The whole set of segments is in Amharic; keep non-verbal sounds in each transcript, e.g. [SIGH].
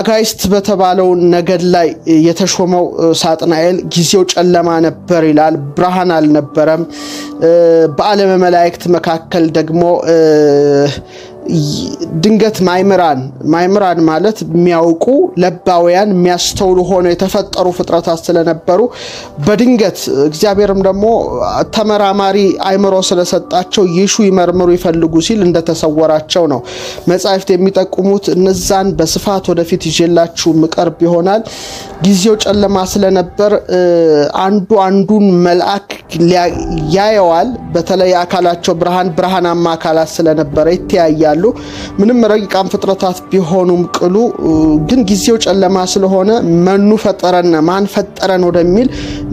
አጋይስት በተባለው ነገድ ላይ የተሾመው ሳጥናኤል ጊዜው ጨለማ ነበር ይላል። ብርሃን አልነበረም። በዓለመ መላእክት መካከል ደግሞ ድንገት ማይምራን ማይምራን ማለት የሚያውቁ ለባውያን የሚያስተውሉ ሆነው የተፈጠሩ ፍጥረታት ስለነበሩ በድንገት እግዚአብሔርም ደግሞ ተመራማሪ አይምሮ ስለሰጣቸው ይሹ ይመርምሩ ይፈልጉ ሲል እንደተሰወራቸው ነው መጻሕፍት የሚጠቁሙት። እነዛን በስፋት ወደፊት ይዤላችሁ ምቀርብ ይሆናል። ጊዜው ጨለማ ስለነበር አንዱ አንዱን መልአክ ያየዋል። በተለይ አካላቸው ብርሃን ብርሃናማ አካላት ስለነበረ ይተያያል ያሉ ምንም ረቂቃን ፍጥረታት ቢሆኑም ቅሉ ግን ጊዜው ጨለማ ስለሆነ መኑ ፈጠረና ማን ፈጠረን ወደሚል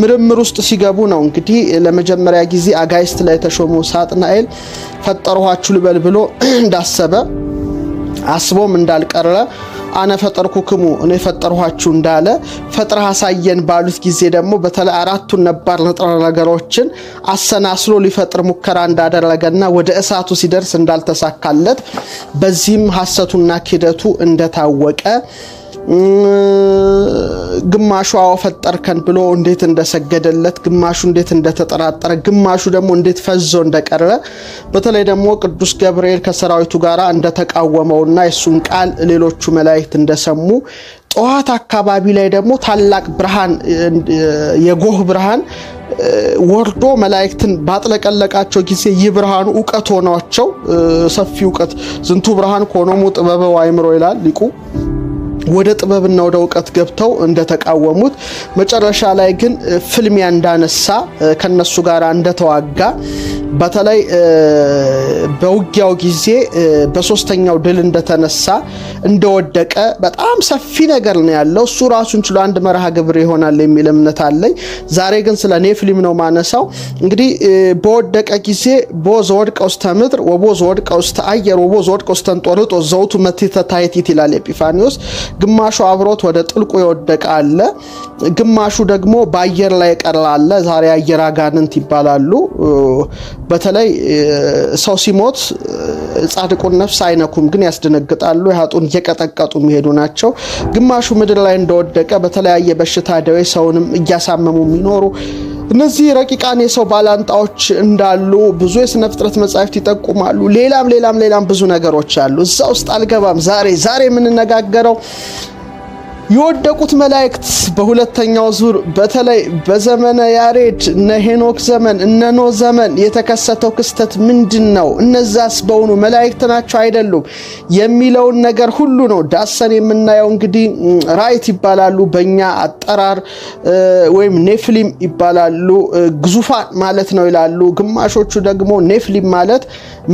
ምርምር ውስጥ ሲገቡ ነው። እንግዲህ ለመጀመሪያ ጊዜ አጋይስት ላይ የተሾመው ሳጥናኤል ፈጠርኋችሁ ልበል ብሎ [CLEARS THROAT] እንዳሰበ አስቦም እንዳልቀረ አነ ፈጠርኩክሙ እኔ ፈጠርኋችሁ እንዳለ ፈጥረ አሳየን ባሉት ጊዜ ደግሞ በተለይ አራቱን ነባር ንጥረ ነገሮችን አሰናስሎ ሊፈጥር ሙከራ እንዳደረገና ወደ እሳቱ ሲደርስ እንዳልተሳካለት በዚህም ሐሰቱና ክህደቱ እንደታወቀ ግማሹ አወፈጠርከን ብሎ እንዴት እንደሰገደለት፣ ግማሹ እንዴት እንደተጠራጠረ፣ ግማሹ ደግሞ እንዴት ፈዞ እንደቀረ በተለይ ደግሞ ቅዱስ ገብርኤል ከሰራዊቱ ጋር እንደተቃወመውና የእሱን ቃል ሌሎቹ መላእክት እንደሰሙ ጠዋት አካባቢ ላይ ደግሞ ታላቅ ብርሃን የጎህ ብርሃን ወርዶ መላእክትን ባጥለቀለቃቸው ጊዜ ይህ ብርሃኑ እውቀት ሆኗቸው ሰፊ እውቀት ዝንቱ ብርሃን ከሆኖሙ ጥበበ ዋይምሮ ይላል ሊቁ ወደ ጥበብና ወደ እውቀት ገብተው እንደተቃወሙት መጨረሻ ላይ ግን ፍልሚያ እንዳነሳ ከነሱ ጋር እንደተዋጋ በተለይ በውጊያው ጊዜ በሶስተኛው ድል እንደተነሳ እንደወደቀ በጣም ሰፊ ነገር ነው ያለው። እሱ ራሱን ችሎ አንድ መርሃ ግብር ይሆናል የሚል እምነት አለኝ። ዛሬ ግን ስለ ኔፍሊም ነው ማነሳው። እንግዲህ በወደቀ ጊዜ ቦዝ ወድቀ ውስተ ምድር ወቦዝ ወድቀ ውስተ አየር ወቦዝ ወድቀ ውስተ እንጦርጦስ ዘውቱ መትሕተ ታሕቲት ይላል ኤጲፋኒዎስ። ግማሹ አብሮት ወደ ጥልቁ የወደቀ አለ፣ ግማሹ ደግሞ በአየር ላይ የቀረ አለ። ዛሬ አየር አጋንንት ይባላሉ። በተለይ ሰው ሲሞት ጻድቁን ነፍስ አይነኩም፣ ግን ያስደነግጣሉ። ያጡን እየቀጠቀጡ የሚሄዱ ናቸው። ግማሹ ምድር ላይ እንደወደቀ በተለያየ በሽታ ደዌ ሰውንም እያሳመሙ የሚኖሩ እነዚህ ረቂቃን የሰው ባላንጣዎች እንዳሉ ብዙ የስነ ፍጥረት መጻሕፍት ይጠቁማሉ። ሌላም ሌላም ሌላም ብዙ ነገሮች አሉ። እዛ ውስጥ አልገባም። ዛሬ ዛሬ የምንነጋገረው የወደቁት መላእክት በሁለተኛው ዙር በተለይ በዘመነ ያሬድ እነ ሄኖክ ዘመን እነ ኖ ዘመን የተከሰተው ክስተት ምንድን ነው? እነዛስ በውኑ መላእክት ናቸው አይደሉም? የሚለውን ነገር ሁሉ ነው ዳሰን የምናየው። እንግዲህ ራይት ይባላሉ በእኛ አጠራር ወይም ኔፍሊም ይባላሉ፣ ግዙፋን ማለት ነው ይላሉ። ግማሾቹ ደግሞ ኔፍሊም ማለት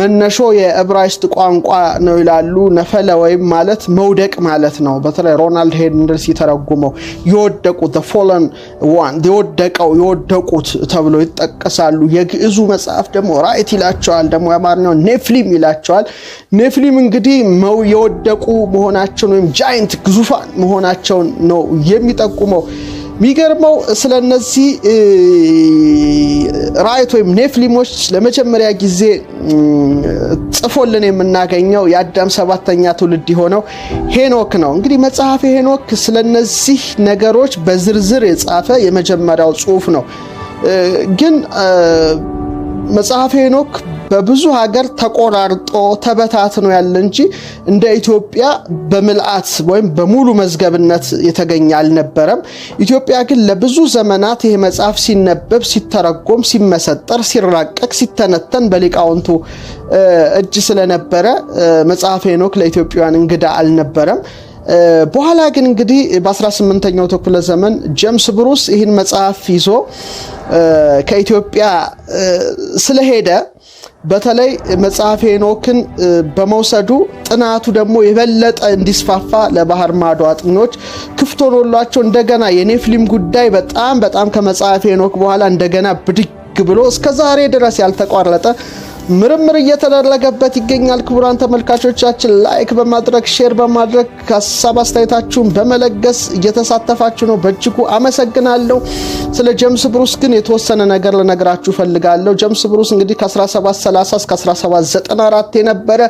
መነሾ የእብራይስጥ ቋንቋ ነው ይላሉ። ነፈለ ወይም ማለት መውደቅ ማለት ነው። በተለይ ሮናልድ ሄድ እንደል ሲተረጉመው የወደቁት ፎለን ዋን የወደቀው የወደቁት ተብሎ ይጠቀሳሉ። የግዕዙ መጽሐፍ ደግሞ ራይት ይላቸዋል፣ ደግሞ የአማርኛው ኔፍሊም ይላቸዋል። ኔፍሊም እንግዲህ የወደቁ መሆናቸውን ወይም ጃይንት ግዙፋን መሆናቸውን ነው የሚጠቁመው። የሚገርመው ስለ እነዚህ ራይት ወይም ኔፍሊሞች ለመጀመሪያ ጊዜ ጽፎልን የምናገኘው የአዳም ሰባተኛ ትውልድ የሆነው ሄኖክ ነው። እንግዲህ መጽሐፍ ሄኖክ ስለ እነዚህ ነገሮች በዝርዝር የጻፈ የመጀመሪያው ጽሁፍ ነው ግን መጽሐፈ ሄኖክ በብዙ ሀገር ተቆራርጦ ተበታትኖ ያለ እንጂ እንደ ኢትዮጵያ በምልአት ወይም በሙሉ መዝገብነት የተገኘ አልነበረም። ኢትዮጵያ ግን ለብዙ ዘመናት ይህ መጽሐፍ ሲነበብ፣ ሲተረጎም፣ ሲመሰጠር፣ ሲራቀቅ፣ ሲተነተን በሊቃውንቱ እጅ ስለነበረ መጽሐፈ ሄኖክ ለኢትዮጵያውያን እንግዳ አልነበረም። በኋላ ግን እንግዲህ በ18ኛው ተኩለ ዘመን ጀምስ ብሩስ ይህን መጽሐፍ ይዞ ከኢትዮጵያ ስለሄደ በተለይ መጽሐፍ ሄኖክን በመውሰዱ ጥናቱ ደግሞ የበለጠ እንዲስፋፋ ለባህር ማዶ አጥኞች ክፍት ሆኖላቸው እንደገና የኔፍሊም ጉዳይ በጣም በጣም ከመጽሐፍ ሄኖክ በኋላ እንደገና ብድግ ብሎ እስከ ዛሬ ድረስ ያልተቋረጠ ምርምር እየተደረገበት ይገኛል። ክቡራን ተመልካቾቻችን ላይክ በማድረግ ሼር በማድረግ ሀሳብ አስተያየታችሁን በመለገስ እየተሳተፋችሁ ነው። በእጅጉ አመሰግናለሁ። ስለ ጀምስ ብሩስ ግን የተወሰነ ነገር ልነግራችሁ ፈልጋለሁ። ጀምስ ብሩስ እንግዲህ ከ1730 እስከ 1794 የነበረ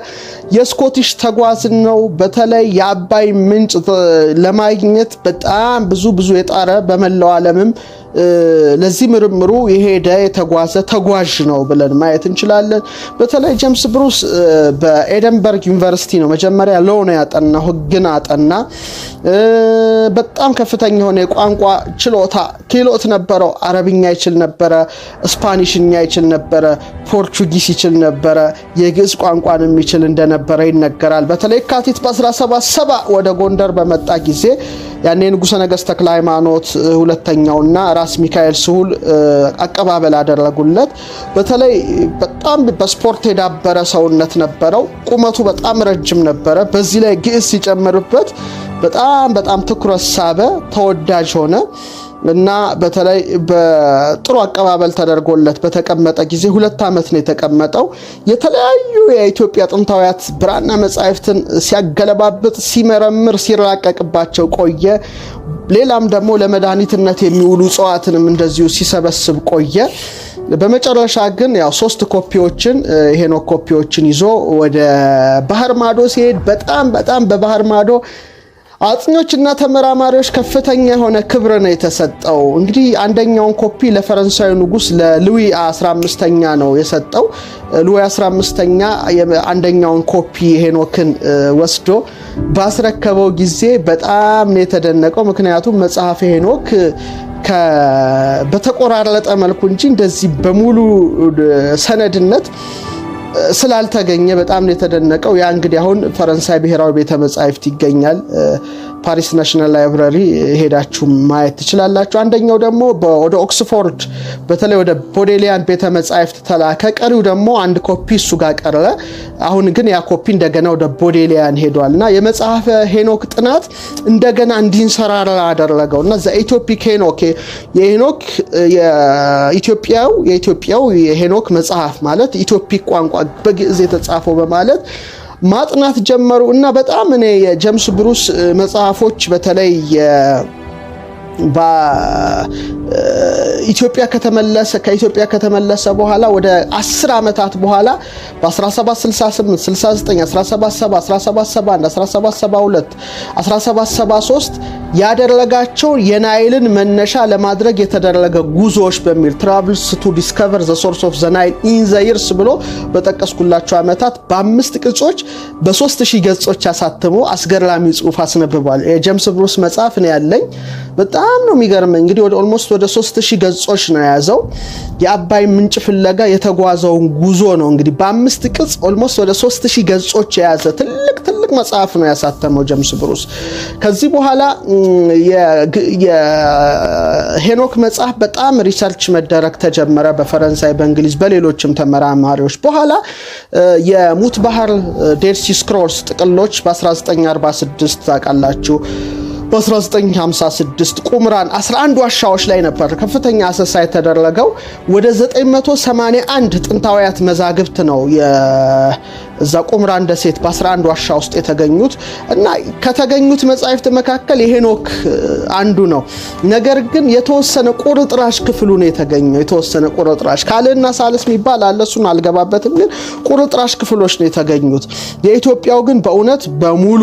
የስኮቲሽ ተጓዝ ነው። በተለይ የአባይ ምንጭ ለማግኘት በጣም ብዙ ብዙ የጣረ በመላው ዓለምም ለዚህ ምርምሩ የሄደ የተጓዘ ተጓዥ ነው ብለን ማየት እንችላለን። በተለይ ጄምስ ብሩስ በኤደንበርግ ዩኒቨርሲቲ ነው መጀመሪያ ሎ ነው ያጠናው፣ አጠና። በጣም ከፍተኛ የሆነ የቋንቋ ችሎታ ክህሎት ነበረው። አረብኛ ይችል ነበረ፣ ስፓኒሽኛ ይችል ነበረ፣ ፖርቹጊስ ይችል ነበረ፣ የግዕዝ ቋንቋን የሚችል እንደነበረ ይነገራል። በተለይ የካቲት በ1770 ወደ ጎንደር በመጣ ጊዜ ያኔ ንጉሠ ነገሥት ተክለ ሃይማኖት ሁለተኛውና ራስ ሚካኤል ስሁል አቀባበል አደረጉለት። በተለይ በጣም በስፖርት የዳበረ ሰውነት ነበረው። ቁመቱ በጣም ረጅም ነበረ። በዚህ ላይ ግዕዝ ሲጨምርበት በጣም በጣም ትኩረት ሳበ፣ ተወዳጅ ሆነ እና በተለይ በጥሩ አቀባበል ተደርጎለት በተቀመጠ ጊዜ ሁለት ዓመት ነው የተቀመጠው። የተለያዩ የኢትዮጵያ ጥንታውያት ብራና መጻሕፍትን ሲያገለባብጥ፣ ሲመረምር፣ ሲራቀቅባቸው ቆየ። ሌላም ደግሞ ለመድኃኒትነት የሚውሉ እጽዋትንም እንደዚሁ ሲሰበስብ ቆየ። በመጨረሻ ግን ያው ሶስት ኮፒዎችን የሄኖክ ኮፒዎችን ይዞ ወደ ባህር ማዶ ሲሄድ በጣም በጣም በባህር ማዶ አጥኞችና ተመራማሪዎች ከፍተኛ የሆነ ክብር ነው የተሰጠው። እንግዲህ አንደኛውን ኮፒ ለፈረንሳዩ ንጉስ ለሉዊ 15ኛ ነው የሰጠው። ሉዊ 15ኛ አንደኛውን ኮፒ ሄኖክን ወስዶ ባስረከበው ጊዜ በጣም ነው የተደነቀው። ምክንያቱም መጽሐፍ ሄኖክ በተቆራረጠ መልኩ እንጂ እንደዚህ በሙሉ ሰነድነት ስላልተገኘ በጣም ነው የተደነቀው። ያ እንግዲህ አሁን ፈረንሳይ ብሔራዊ ቤተ መጻሕፍት ይገኛል። ፓሪስ ናሽናል ላይብራሪ ሄዳችሁ ማየት ትችላላችሁ። አንደኛው ደግሞ ወደ ኦክስፎርድ በተለይ ወደ ቦዴሊያን ቤተ መጻሕፍት ተላከ። ቀሪው ደግሞ አንድ ኮፒ እሱ ጋር ቀረ። አሁን ግን ያ ኮፒ እንደገና ወደ ቦዴሊያን ሄዷል እና የመጽሐፈ ሄኖክ ጥናት እንደገና እንዲንሰራራ አደረገው እና ዘኢትዮፒክ ሄኖክ የሄኖክ የኢትዮጵያው የኢትዮጵያው የሄኖክ መጽሐፍ ማለት ኢትዮፒክ ቋንቋ በግዕዝ የተጻፈው በማለት ማጥናት ጀመሩ እና በጣም እኔ የጀምስ ብሩስ መጽሐፎች በተለይ በኢትዮጵያ ከተመለሰ ከኢትዮጵያ ከተመለሰ በኋላ ወደ 10 ዓመታት በኋላ በ1768 69 177 1771 1772 1773 ያደረጋቸው የናይልን መነሻ ለማድረግ የተደረገ ጉዞዎች በሚል ትራቭልስ ቱ ዲስከቨር ዘ ሶርስ ኦፍ ዘ ናይል ኢን ዘ ይርስ ብሎ በጠቀስኩላቸው ዓመታት በአምስት ቅጾች በሶስት ሺህ ገጾች አሳትሞ አስገራሚ ጽሑፍ አስነብቧል። የጀምስ ብሩስ መጽሐፍ ነው ያለኝ። በጣም ነው የሚገርመኝ። እንግዲህ ወደ ኦልሞስት ወደ ሶስት ሺህ ገጾች ነው የያዘው። የአባይ ምንጭ ፍለጋ የተጓዘውን ጉዞ ነው እንግዲህ በአምስት ቅጽ ኦልሞስት ወደ ሶስት ሺህ ገጾች የያዘ ትልቅ ትልቅ መጽሐፍ ነው ያሳተመው ጀምስ ብሩስ። ከዚህ በኋላ የሄኖክ መጽሐፍ በጣም ሪሰርች መደረግ ተጀመረ በፈረንሳይ፣ በእንግሊዝ፣ በሌሎችም ተመራማሪዎች። በኋላ የሙት ባህር ዴርሲ ስክሮልስ ጥቅሎች በ1946 ታውቃላችሁ በ1956 ቁምራን 11 ዋሻዎች ላይ ነበር ከፍተኛ አሰሳ የተደረገው። ወደ 981 ጥንታውያት መዛግብት ነው እዛ ቁምራ እንደ ሴት በ11 ዋሻ ውስጥ የተገኙት እና ከተገኙት መጻሕፍት መካከል የሄኖክ አንዱ ነው። ነገር ግን የተወሰነ ቁርጥራሽ ክፍሉ ነው የተገኘው። የተወሰነ ቁርጥራሽ ካልዕና ሳልስ የሚባል አለ። እሱን አልገባበትም። ግን ቁርጥራሽ ክፍሎች ነው የተገኙት። የኢትዮጵያው ግን በእውነት በሙሉ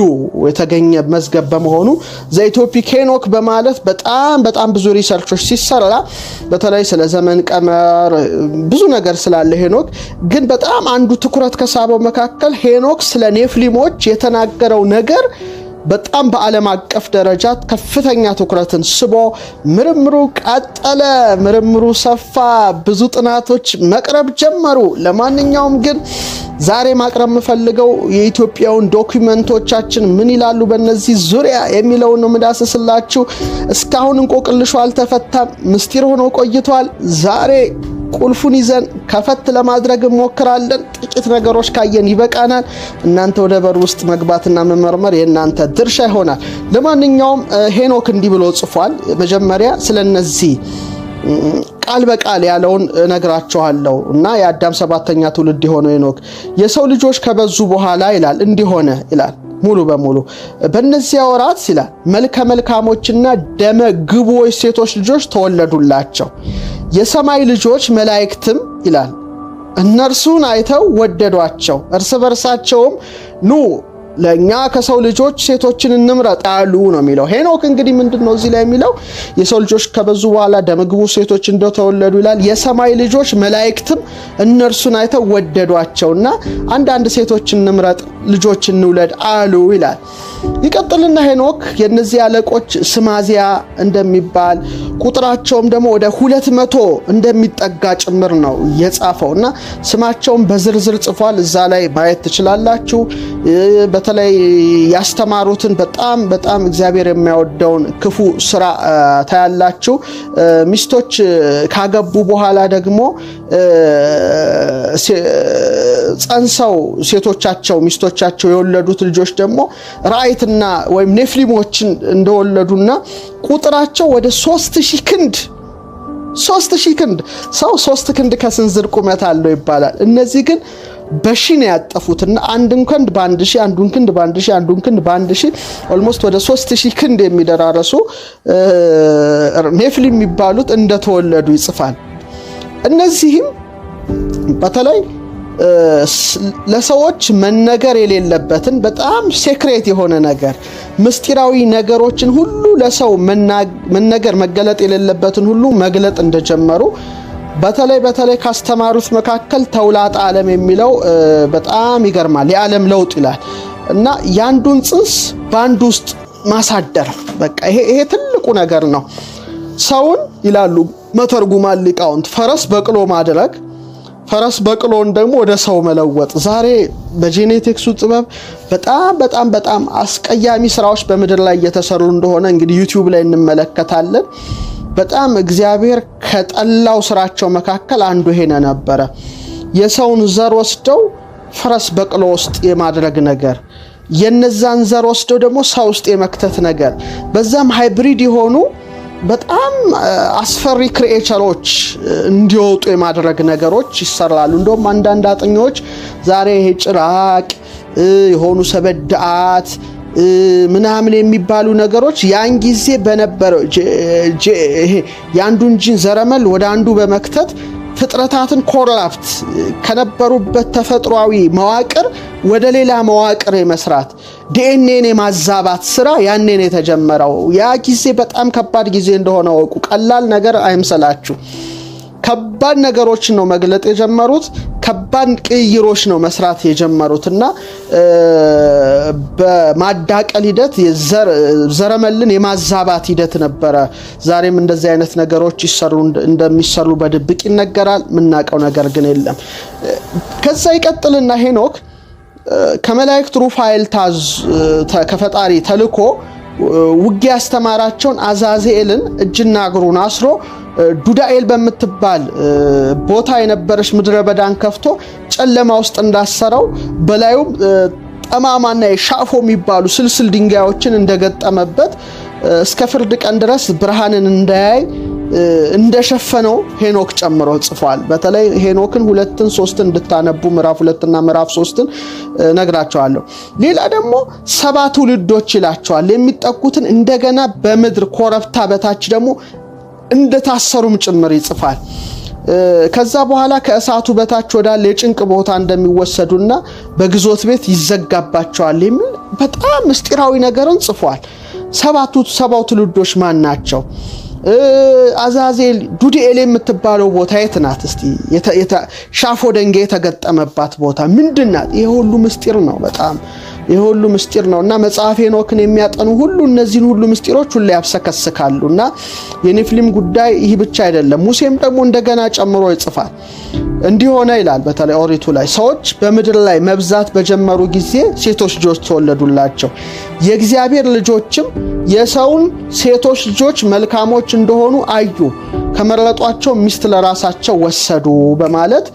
የተገኘ መዝገብ በመሆኑ ዘኢትዮፒክ ሄኖክ በማለት በጣም በጣም ብዙ ሪሰርቾች ሲሰራ በተለይ ስለ ዘመን ቀመር ብዙ ነገር ስላለ ሄኖክ ግን በጣም አንዱ ትኩረት ከሳበው መካከል መካከል ሄኖክ ስለ ኔፍሊሞች የተናገረው ነገር በጣም በዓለም አቀፍ ደረጃ ከፍተኛ ትኩረትን ስቦ ምርምሩ ቀጠለ፣ ምርምሩ ሰፋ፣ ብዙ ጥናቶች መቅረብ ጀመሩ። ለማንኛውም ግን ዛሬ ማቅረብ የምፈልገው የኢትዮጵያውን ዶክመንቶቻችን ምን ይላሉ በእነዚህ ዙሪያ የሚለውን ነው የምዳስስላችሁ። እስካሁን እንቆቅልሹ አልተፈታም፣ ምስጢር ሆኖ ቆይቷል። ዛሬ ቁልፉን ይዘን ከፈት ለማድረግ እንሞክራለን። ጥቂት ነገሮች ካየን ይበቃናል። እናንተ ወደ በር ውስጥ መግባትና መመርመር የእናንተ ድርሻ ይሆናል። ለማንኛውም ሄኖክ እንዲህ ብሎ ጽፏል። መጀመሪያ ስለነዚህ ቃል በቃል ያለውን እነግራችኋለሁ እና የአዳም ሰባተኛ ትውልድ የሆነው ሄኖክ የሰው ልጆች ከበዙ በኋላ ይላል እንዲሆነ ይላል ሙሉ በሙሉ በእነዚያ ወራት ይላል መልከ መልካሞችና ደመ ግቡዎች ሴቶች ልጆች ተወለዱላቸው። የሰማይ ልጆች መላእክትም ይላል እነርሱን አይተው ወደዷቸው፣ እርስ በርሳቸውም ኑ ለእኛ ከሰው ልጆች ሴቶችን እንምረጥ አሉ ነው የሚለው ሄኖክ። እንግዲህ ምንድን ነው እዚህ ላይ የሚለው የሰው ልጆች ከበዙ በኋላ ደምግቡ ሴቶች እንደተወለዱ ይላል። የሰማይ ልጆች መላእክትም እነርሱን አይተው እና አንዳንድ ሴቶች እንምረጥ ልጆች እንውለድ አሉ ይላል። ይቀጥልና ሄኖክ የእነዚህ አለቆች ስማዚያ እንደሚባል ቁጥራቸውም ደግሞ ወደ ሁለት መቶ እንደሚጠጋ ጭምር ነው የጻፈው እና ስማቸውን በዝርዝር ጽፏል። እዛ ላይ ማየት ትችላላችሁ። በተለይ ያስተማሩትን በጣም በጣም እግዚአብሔር የሚያወደውን ክፉ ስራ ታያላችሁ። ሚስቶች ካገቡ በኋላ ደግሞ ጸንሰው ሴቶቻቸው ሚስቶቻቸው የወለዱት ልጆች ደግሞ ራይትና ወይም ኔፍሊሞችን እንደወለዱና ቁጥራቸው ወደ ሶስት ሺህ ክንድ ሶስት ሺህ ክንድ ሰው ሶስት ክንድ ከስንዝር ቁመት አለው ይባላል። እነዚህ ግን በሺ ነው ያጠፉትና አንድን ክንድ በአንድ ሺ አንዱን ክንድ በአንድ ሺ አንዱን ክንድ በአንድ ሺ ኦልሞስት ወደ ሶስት ሺህ ክንድ የሚደራረሱ ኔፍሊ የሚባሉት እንደተወለዱ ይጽፋል። እነዚህም በተለይ ለሰዎች መነገር የሌለበትን በጣም ሴክሬት የሆነ ነገር ምስጢራዊ ነገሮችን ሁሉ ለሰው መነገር መገለጥ የሌለበትን ሁሉ መግለጥ እንደጀመሩ በተለይ በተለይ ካስተማሩት መካከል ተውላጠ ዓለም የሚለው በጣም ይገርማል። የዓለም ለውጥ ይላል እና ያንዱን ጽንስ በአንዱ ውስጥ ማሳደር በቃ ይሄ ትልቁ ነገር ነው። ሰውን ይላሉ መተርጉማን ሊቃውንት ፈረስ በቅሎ ማድረግ ፈረስ በቅሎን ደግሞ ወደ ሰው መለወጥ ዛሬ በጄኔቲክሱ ጥበብ በጣም በጣም በጣም አስቀያሚ ስራዎች በምድር ላይ እየተሰሩ እንደሆነ እንግዲህ ዩቲዩብ ላይ እንመለከታለን። በጣም እግዚአብሔር ከጠላው ስራቸው መካከል አንዱ ይሄነ ነበረ። የሰውን ዘር ወስደው ፈረስ በቅሎ ውስጥ የማድረግ ነገር የነዛን ዘር ወስደው ደግሞ ሰው ውስጥ የመክተት ነገር በዛም ሃይብሪድ የሆኑ በጣም አስፈሪ ክሪኤቸሮች እንዲወጡ የማድረግ ነገሮች ይሰራሉ። እንደውም አንዳንድ አጥኚዎች ዛሬ ይሄ ጭራቅ የሆኑ ሰበዳአት ምናምን የሚባሉ ነገሮች ያን ጊዜ በነበረው የአንዱን ጂን ዘረመል ወደ አንዱ በመክተት ፍጥረታትን ኮራፕት ከነበሩበት ተፈጥሯዊ መዋቅር ወደ ሌላ መዋቅር የመስራት ዲኤንኤን የማዛባት ስራ ያኔን የተጀመረው ያ ጊዜ በጣም ከባድ ጊዜ እንደሆነ ወቁ። ቀላል ነገር አይምሰላችሁ። ከባድ ነገሮችን ነው መግለጥ የጀመሩት። ከባድ ቅይሮች ነው መስራት የጀመሩት እና በማዳቀል ሂደት ዘረመልን የማዛባት ሂደት ነበረ። ዛሬም እንደዚህ አይነት ነገሮች እንደሚሰሩ በድብቅ ይነገራል። የምናውቀው ነገር ግን የለም። ከዛ ይቀጥልና ሄኖክ ከመላእክት ሩፋኤል ከፈጣሪ ተልኮ ውጊያ ያስተማራቸውን አዛዜልን እጅና እግሩን አስሮ ዱዳኤል በምትባል ቦታ የነበረች ምድረ በዳን ከፍቶ ጨለማ ውስጥ እንዳሰረው በላዩም ጠማማና የሻፎ የሚባሉ ስልስል ድንጋዮችን እንደገጠመበት እስከ ፍርድ ቀን ድረስ ብርሃንን እንዳያይ እንደሸፈነው ሄኖክ ጨምሮ ጽፏል። በተለይ ሄኖክን ሁለትን ሶስትን እንድታነቡ ምዕራፍ ሁለትና ምዕራፍ ሶስትን ነግራቸዋለሁ። ሌላ ደግሞ ሰባ ትውልዶች ይላቸዋል። የሚጠቁትን እንደገና በምድር ኮረብታ በታች ደግሞ እንደታሰሩም ጭምር ይጽፋል። ከዛ በኋላ ከእሳቱ በታች ወዳለ የጭንቅ ቦታ እንደሚወሰዱና በግዞት ቤት ይዘጋባቸዋል የሚል በጣም ምስጢራዊ ነገርን ጽፏል። ሰባቱ ሰባው ትውልዶች ማን ናቸው? አዛዜል ዱድኤል የምትባለው ቦታ የት ናት? እስቲ ሻፎ ደንጌ የተገጠመባት ቦታ ምንድን ናት? ሁሉ ምስጢር ነው በጣም ይህ ሁሉ ምስጢር ነው እና መጽሐፈ ሄኖክን የሚያጠኑ ሁሉ እነዚህን ሁሉ ምስጢሮች ሁሉ ያብሰከስካሉ እና ጉዳይ ይህ ብቻ አይደለም። ሙሴም ደግሞ እንደገና ጨምሮ ይጽፋል። እንዲሆነ ይላል በተለይ ኦሪቱ ላይ ሰዎች በምድር ላይ መብዛት በጀመሩ ጊዜ ሴቶች ልጆች ተወለዱላቸው፣ የእግዚአብሔር ልጆችም የሰውን ሴቶች ልጆች መልካሞች እንደሆኑ አዩ፣ ከመረጧቸው ሚስት ለራሳቸው ወሰዱ በማለት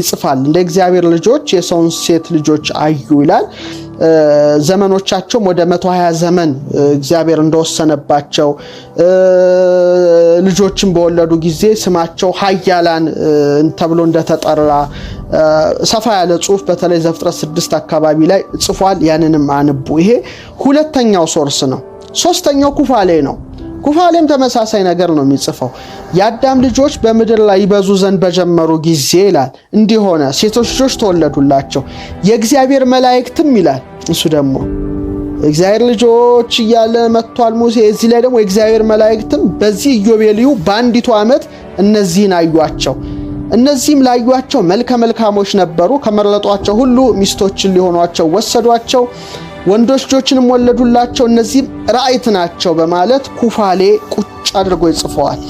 ይጽፋል። እንደ እግዚአብሔር ልጆች የሰውን ሴት ልጆች አዩ ይላል። ዘመኖቻቸውም ወደ 120 ዘመን እግዚአብሔር እንደወሰነባቸው ልጆችን በወለዱ ጊዜ ስማቸው ሀያላን ተብሎ እንደተጠራ ሰፋ ያለ ጽሁፍ በተለይ ዘፍጥረት ስድስት አካባቢ ላይ ጽፏል። ያንንም አንቡ። ይሄ ሁለተኛው ሶርስ ነው። ሶስተኛው ኩፋሌ ነው። ኩፋሌም ተመሳሳይ ነገር ነው የሚጽፈው። የአዳም ልጆች በምድር ላይ ይበዙ ዘንድ በጀመሩ ጊዜ ይላል እንዲሆነ ሴቶች ልጆች ተወለዱላቸው። የእግዚአብሔር መላእክትም ይላል እሱ ደግሞ እግዚአብሔር ልጆች እያለ መጥቷል ሙሴ። እዚህ ላይ ደግሞ የእግዚአብሔር መላእክትም በዚህ ኢዮቤልዩ በአንዲቱ ዓመት እነዚህን አዩቸው። እነዚህም ላዩቸው መልከ መልካሞች ነበሩ። ከመረጧቸው ሁሉ ሚስቶችን ሊሆኗቸው ወሰዷቸው። ወንዶች ልጆችንም ወለዱላቸው እነዚህም ራእይት ናቸው በማለት ኩፋሌ ቁጭ አድርጎ ይጽፈዋል።